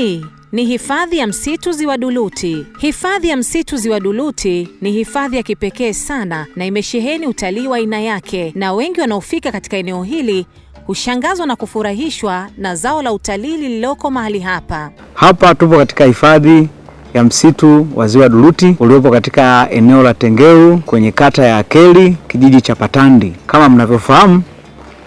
Hii ni hifadhi ya msitu Ziwa Duluti. Hifadhi ya msitu Ziwa Duluti ni hifadhi ya kipekee sana na imesheheni utalii wa aina yake, na wengi wanaofika katika eneo hili hushangazwa na kufurahishwa na zao la utalii lililoko mahali hapa. Hapa tupo katika hifadhi ya msitu wa Ziwa Duluti uliopo katika eneo la Tengeru kwenye kata ya Akeli kijiji cha Patandi. Kama mnavyofahamu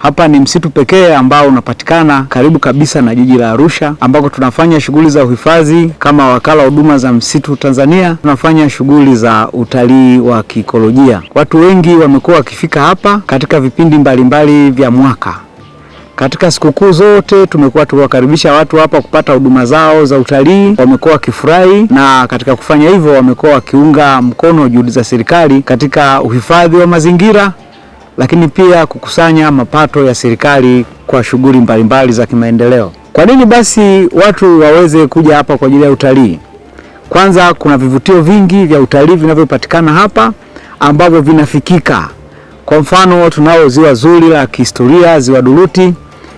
hapa ni msitu pekee ambao unapatikana karibu kabisa na jiji la Arusha, ambako tunafanya shughuli za uhifadhi kama wakala huduma za msitu Tanzania. Tunafanya shughuli za utalii wa kiikolojia. Watu wengi wamekuwa wakifika hapa katika vipindi mbalimbali mbali vya mwaka. Katika sikukuu zote tumekuwa tukiwakaribisha watu hapa kupata huduma zao za utalii. Wamekuwa wakifurahi, na katika kufanya hivyo wamekuwa wakiunga mkono juhudi za serikali katika uhifadhi wa mazingira lakini pia kukusanya mapato ya serikali kwa shughuli mbalimbali za kimaendeleo. Kwa nini basi watu waweze kuja hapa kwa ajili ya utalii? Kwanza, kuna vivutio vingi vya utalii vinavyopatikana hapa ambavyo vinafikika. Kwa mfano, tunao ziwa zuri la kihistoria, ziwa Duluti,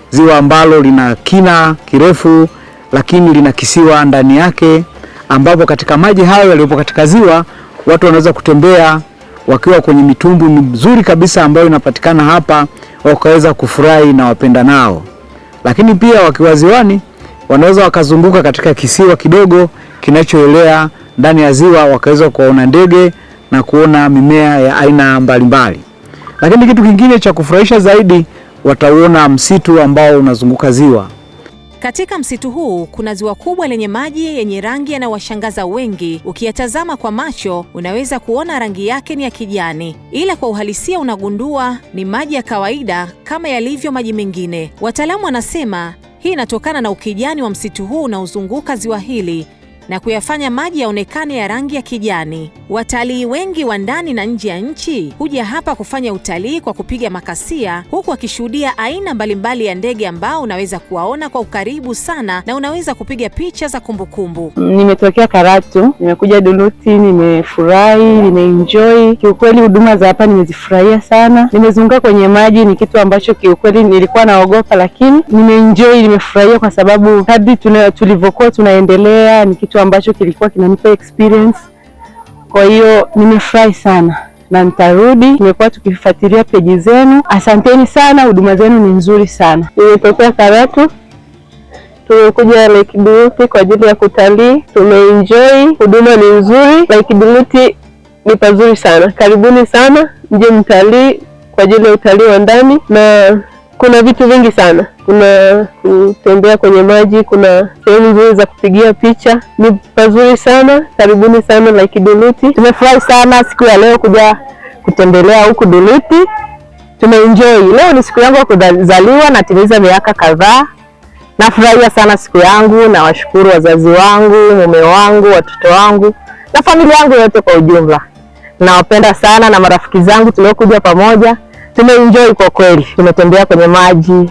ziwa ambalo lina kina kirefu lakini lina kisiwa ndani yake, ambapo katika maji hayo yaliyopo katika ziwa watu wanaweza kutembea wakiwa kwenye mitumbwi mizuri kabisa ambayo inapatikana hapa, wakaweza kufurahi na wapenda nao. Lakini pia wakiwa ziwani, wanaweza wakazunguka katika kisiwa kidogo kinachoelea ndani ya ziwa, wakaweza kuwaona ndege na kuona mimea ya aina mbalimbali. Lakini kitu kingine cha kufurahisha zaidi, watauona msitu ambao unazunguka ziwa. Katika msitu huu kuna ziwa kubwa lenye maji yenye rangi yanayowashangaza wengi. Ukiyatazama kwa macho, unaweza kuona rangi yake ni ya kijani, ila kwa uhalisia unagundua ni maji ya kawaida kama yalivyo maji mengine. Wataalamu wanasema hii inatokana na ukijani wa msitu huu unaozunguka ziwa hili na kuyafanya maji yaonekane ya rangi ya kijani. Watalii wengi wa ndani na nje ya nchi huja hapa kufanya utalii kwa kupiga makasia, huku wakishuhudia aina mbalimbali ya ndege ambao unaweza kuwaona kwa ukaribu sana na unaweza kupiga picha za kumbukumbu. Nimetokea Karatu, nimekuja Duluti, nimefurahi, nimeenjoy kiukweli. Huduma za hapa nimezifurahia sana. Nimezunguka kwenye maji, ni kitu ambacho kiukweli nilikuwa naogopa, lakini nimeenjoy, nimefurahia kwa sababu kadri tulivyokuwa tunaendelea, ni kitu ambacho kilikuwa kinanipa experience kwa hiyo nimefurahi sana na nitarudi. tumekuwa tukifuatilia peji zenu, asanteni sana, huduma zenu ni nzuri sana. Nimetokea Karatu, tumekuja Lake Beauty kwa ajili ya kutalii, tumeenjoy, huduma ni nzuri. Lake Beauty ni pazuri sana, karibuni sana, mje mtalii kwa ajili ya utalii wa ndani na kuna vitu vingi sana. Kuna kutembea kwenye maji, kuna sehemu nzuri za kupigia picha, ni pazuri sana. Karibuni sana Duluti. Tumefurahi sana siku ya leo kuja kutembelea huku Duluti, tumeenjoy. Leo ni siku yangu ya kuzaliwa, natimiza miaka kadhaa. Nafurahia sana siku yangu, nawashukuru wazazi wangu, mume wangu, watoto wangu na familia yangu yote kwa ujumla. Nawapenda sana na marafiki zangu tuliokuja pamoja Tumeenjoy kwa kweli, tumetembea kwenye maji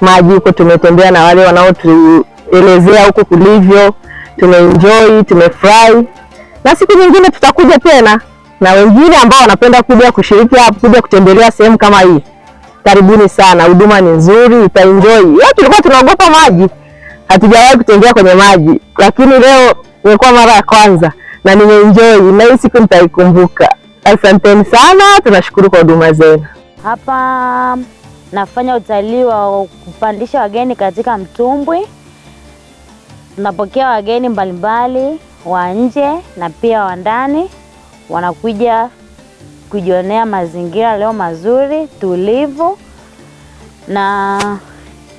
maji huko, tumetembea na wale wanaotuelezea huko kulivyo. Tumeenjoy, tumefurahi, na siku nyingine tutakuja tena na wengine ambao wanapenda kuja kushiriki hapa, kuja kutembelea sehemu kama hii, karibuni sana. Huduma ni nzuri, utaenjoy. Leo tulikuwa tunaogopa maji, hatujawahi kutembea kwenye maji, lakini leo imekuwa mara ya kwanza na nimeenjoy, na hii siku nitaikumbuka. Asanteni sana, tunashukuru kwa huduma zenu. Hapa nafanya utalii wa kupandisha wageni katika mtumbwi. Tunapokea wageni mbalimbali wa nje na pia wa ndani, wanakuja kujionea mazingira leo mazuri tulivu, na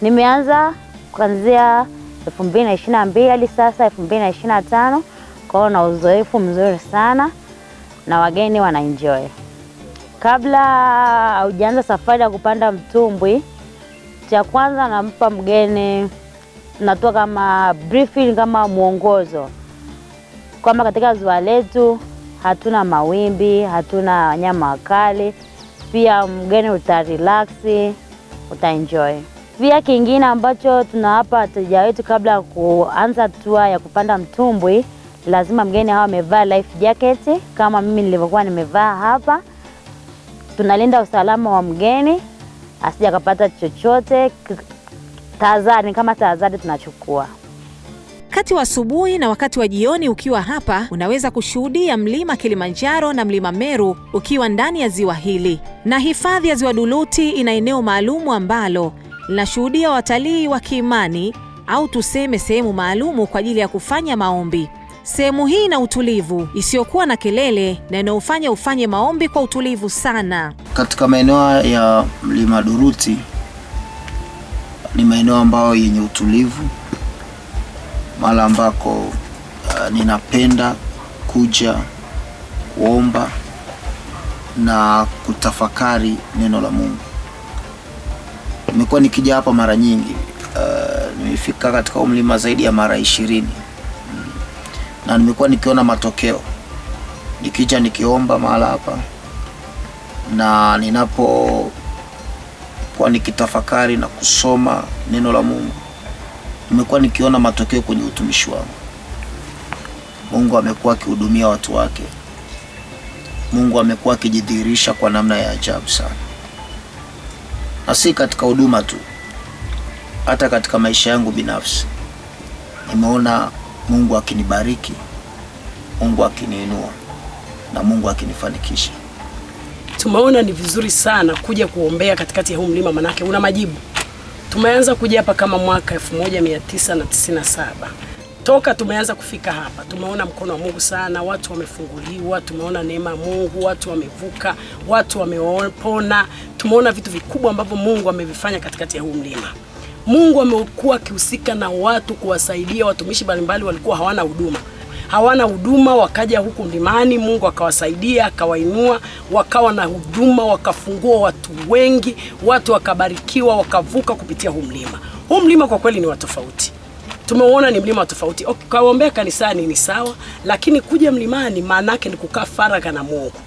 nimeanza kuanzia elfu mbili na ishirini na mbili hadi sasa elfu mbili na ishirini na tano kwao na uzoefu mzuri sana na wageni wanaenjoy. Kabla haujaanza safari ya kupanda mtumbwi, cha kwanza nampa mgeni, natoa kama briefing, kama mwongozo kwamba katika ziwa letu hatuna mawimbi, hatuna wanyama wakali, pia mgeni utarelaksi, utaenjoy. Pia kingine ambacho tunawapa wateja wetu kabla ya kuanza tua ya kupanda mtumbwi, lazima mgeni hawa amevaa life jacket kama mimi nilivyokuwa nimevaa hapa tunalinda usalama wa mgeni asija kapata chochote. Tahadhari kama tahadhari tunachukua kati wa asubuhi na wakati wa jioni. Ukiwa hapa unaweza kushuhudia mlima Kilimanjaro na mlima Meru ukiwa ndani ya ziwa hili, na hifadhi ya ziwa Duluti ina eneo maalumu ambalo linashuhudia watalii wa kiimani au tuseme sehemu maalumu kwa ajili ya kufanya maombi. Sehemu hii ina utulivu isiyokuwa na kelele na inayofanya ufanye maombi kwa utulivu sana. Katika maeneo ya mlima Duruti ni maeneo ambayo yenye utulivu, mahala ambako uh, ninapenda kuja kuomba na kutafakari neno la Mungu. Nimekuwa nikija hapa mara nyingi. Uh, nimefika katika mlima zaidi ya mara ishirini na nimekuwa nikiona matokeo nikija nikiomba mahala hapa na ninapokuwa nikitafakari na kusoma neno la Mungu nimekuwa nikiona matokeo kwenye utumishi wangu. Mungu amekuwa akihudumia watu wake. Mungu amekuwa akijidhihirisha kwa namna ya ajabu sana, na si katika huduma tu, hata katika maisha yangu binafsi nimeona Mungu akinibariki, Mungu akiniinua na Mungu akinifanikisha. Tumeona ni vizuri sana kuja kuombea katikati ya huu mlima, manake una majibu. Tumeanza kuja hapa kama mwaka 1997 toka tumeanza kufika hapa, tumeona mkono wa Mungu sana, watu wamefunguliwa, tumeona neema ya Mungu, watu wamevuka, watu wamepona, tumeona vitu vikubwa ambavyo Mungu amevifanya katikati ya huu mlima. Mungu amekuwa akihusika na watu kuwasaidia watumishi mbalimbali walikuwa hawana huduma hawana huduma, wakaja huku mlimani, Mungu akawasaidia akawainua, wakawa na huduma, wakafungua watu wengi, watu wakabarikiwa, wakavuka kupitia huu mlima. Huu mlima kwa kweli ni wa tofauti, tumeuona ni mlima wa tofauti. Ukaombea kanisani ni sawa, lakini kuja mlimani maana yake ni kukaa faragha na Mungu.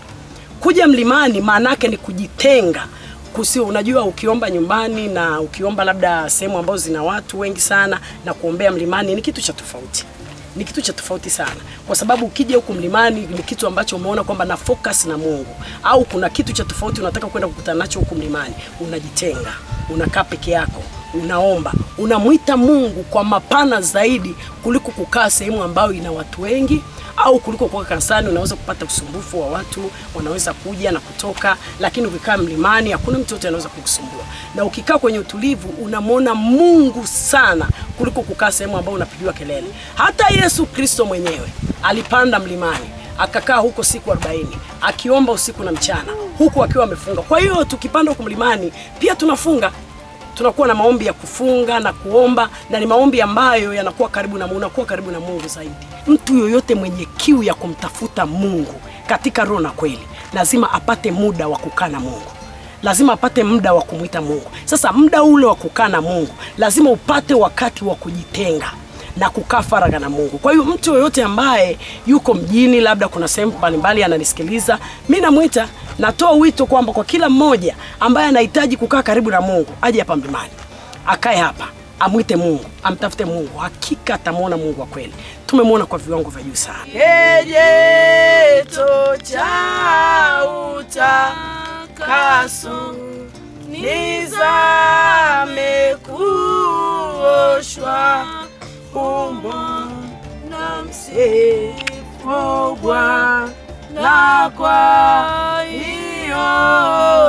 Kuja mlimani maana yake ni kujitenga kusio, unajua ukiomba nyumbani na ukiomba labda sehemu ambazo zina watu wengi sana na kuombea mlimani ni kitu cha tofauti ni kitu cha tofauti sana, kwa sababu ukija huku mlimani ni kitu ambacho umeona kwamba na focus na Mungu, au kuna kitu cha tofauti unataka kwenda kukutana nacho huku mlimani, unajitenga, unakaa peke yako, unaomba, unamwita Mungu kwa mapana zaidi kuliko kukaa sehemu ambayo ina watu wengi au kuliko kuwa kanisani, unaweza kupata usumbufu wa watu, wanaweza kuja na kutoka. Lakini ukikaa mlimani, hakuna mtu yote anaweza kukusumbua, na ukikaa kwenye utulivu, unamwona Mungu sana kuliko kukaa sehemu ambayo unapigiwa kelele. Hata Yesu Kristo mwenyewe alipanda mlimani akakaa huko siku 40 akiomba usiku na mchana, huku akiwa amefunga. Kwa hiyo tukipanda huko mlimani pia tunafunga tunakuwa na maombi ya kufunga na kuomba, na ni maombi ambayo yanakuwa karibu na Mungu, unakuwa karibu na Mungu zaidi. Mtu yoyote mwenye kiu ya kumtafuta Mungu katika roho na kweli lazima apate muda wa kukaa na Mungu, lazima apate muda wa kumwita Mungu. Sasa muda ule wa kukaa na Mungu lazima upate wakati wa kujitenga na kukaa faragha na Mungu. Kwa hiyo mtu yoyote ambaye yuko mjini, labda kuna sehemu mbalimbali ananisikiliza, mi namwita, natoa wito kwamba kwa kila mmoja ambaye anahitaji kukaa karibu na Mungu aje hapa Mlimani, akae hapa amwite Mungu, amtafute Mungu, hakika atamwona Mungu wa kweli. Tumemwona kwa viwango vya juu sana. Kijeto cha utakaso nizame kuoshwa na msifu Bwana, kwa hiyo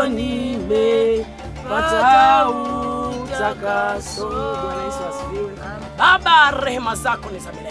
nimepata utakaso. Baba, rehema zako ni za milele.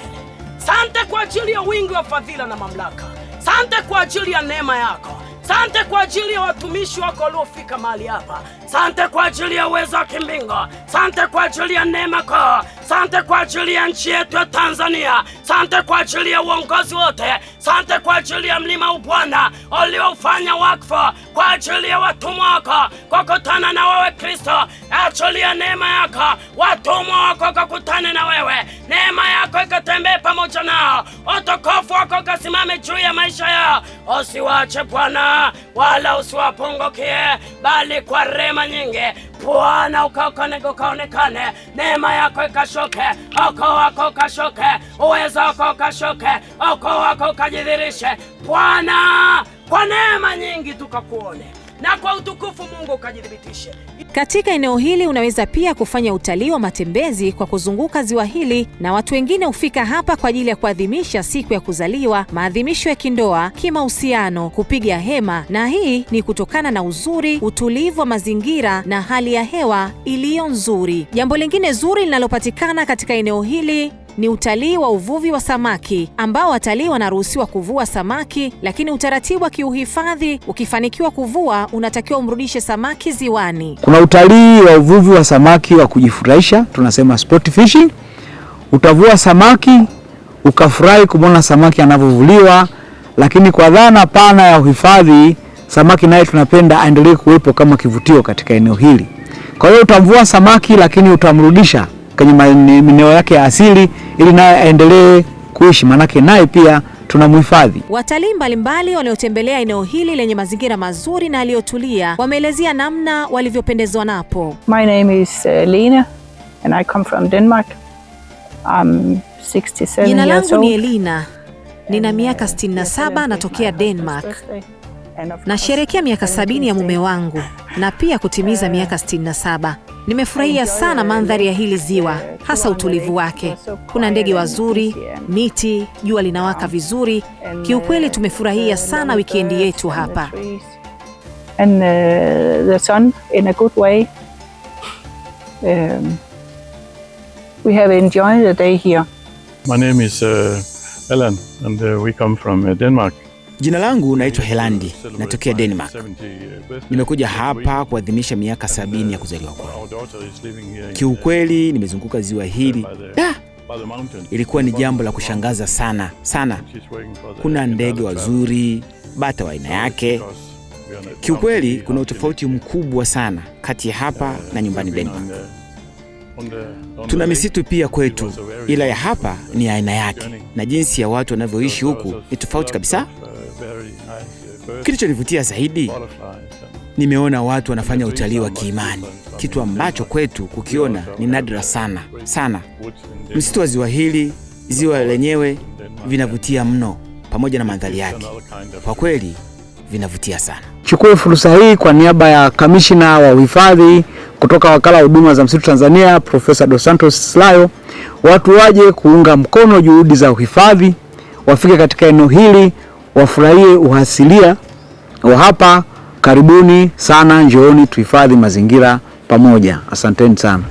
Sante kwa ajili ya wingi wa fadhila na mamlaka. Sante kwa ajili ya neema yako. Sante kwa ajili ya watumishi wako waliofika mahali hapa. Sante kwa ajili ya uwezo wa kimbingo Sante kwa ajili ya neema kwa Sante kwa ajili ya nchi yetu ya Tanzania. Sante kwa ajili ya uongozi wote. Sante kwa ajili ya mlima Ubwana uliofanya wakfu kwa ajili ya watumwa wako kukutana na wewe Kristo. Achili ya neema yako watumwa wako kukutane na wewe, neema yako ikatembee pamoja nao, utukufu wako ukasimame juu ya maisha yao. Usiwache Bwana, wala usiwapungukie, bali kwa rema nyingi Bwana ukaonekane, neema yako ikashuka kashoke, oko wako kashoke, uwezo wako kashoke, oko wako kajidhirishe Bwana, kwa neema nyingi tukakuone na kwa utukufu Mungu ukajithibitishe. Katika eneo hili unaweza pia kufanya utalii wa matembezi kwa kuzunguka ziwa hili, na watu wengine hufika hapa kwa ajili ya kuadhimisha siku ya kuzaliwa, maadhimisho ya kindoa, kimahusiano, kupiga hema, na hii ni kutokana na uzuri, utulivu wa mazingira na hali ya hewa iliyo nzuri. Jambo lingine zuri linalopatikana katika eneo hili ni utalii wa uvuvi wa samaki ambao watalii wanaruhusiwa kuvua samaki, lakini utaratibu wa kiuhifadhi, ukifanikiwa kuvua, unatakiwa umrudishe samaki ziwani. Kuna utalii wa uvuvi wa samaki wa kujifurahisha, tunasema sport fishing. Utavua samaki ukafurahi kumwona samaki anavyovuliwa, lakini kwa dhana pana ya uhifadhi, samaki naye tunapenda aendelee kuwepo kama kivutio katika eneo hili. Kwa hiyo utamvua samaki, lakini utamrudisha kwenye maeneo yake ya asili ili naye aendelee kuishi, maanake naye pia tuna muhifadhi Watalii mbalimbali waliotembelea eneo hili lenye mazingira mazuri na yaliyotulia wameelezea namna walivyopendezwa napo. My name is uh, Lina and I come from Denmark. I'm 67 Jina langu ni Elina, nina uh, miaka 67 natokea Denmark nasherekea miaka sabini ya mume wangu na pia kutimiza miaka 67. Nimefurahia sana mandhari ya hili ziwa, hasa utulivu wake. Kuna ndege wazuri, miti, jua linawaka vizuri. Kiukweli tumefurahia sana wikendi yetu hapa. Um, My name is, uh, Alan, and, uh, we come from, uh, Denmark. Jina langu naitwa Helandi, natokea Denmark. Nimekuja hapa kuadhimisha miaka sabini ya kuzaliwa kwangu. Kiukweli nimezunguka ziwa hili da! Ilikuwa ni jambo la kushangaza sana sana. Kuna ndege wazuri, bata wa aina yake. Kiukweli kuna utofauti mkubwa sana kati ya hapa na nyumbani Denmark. Tuna misitu pia kwetu, ila ya hapa ni aina yake, na jinsi ya watu wanavyoishi huku ni tofauti kabisa. Kilichonivutia zaidi, nimeona watu wanafanya utalii wa kiimani, kitu ambacho kwetu kukiona ni nadra sana sana. Msitu wa ziwa hili, ziwa lenyewe vinavutia mno, pamoja na mandhari yake, kwa kweli vinavutia sana. Chukue fursa hii kwa niaba ya kamishina wa uhifadhi kutoka wakala wa huduma za msitu Tanzania, Profesa Dos Santos Slayo, watu waje kuunga mkono juhudi za uhifadhi, wafike katika eneo hili wafurahie uhasilia wa hapa. Karibuni sana, njooni tuhifadhi mazingira pamoja. Asanteni sana.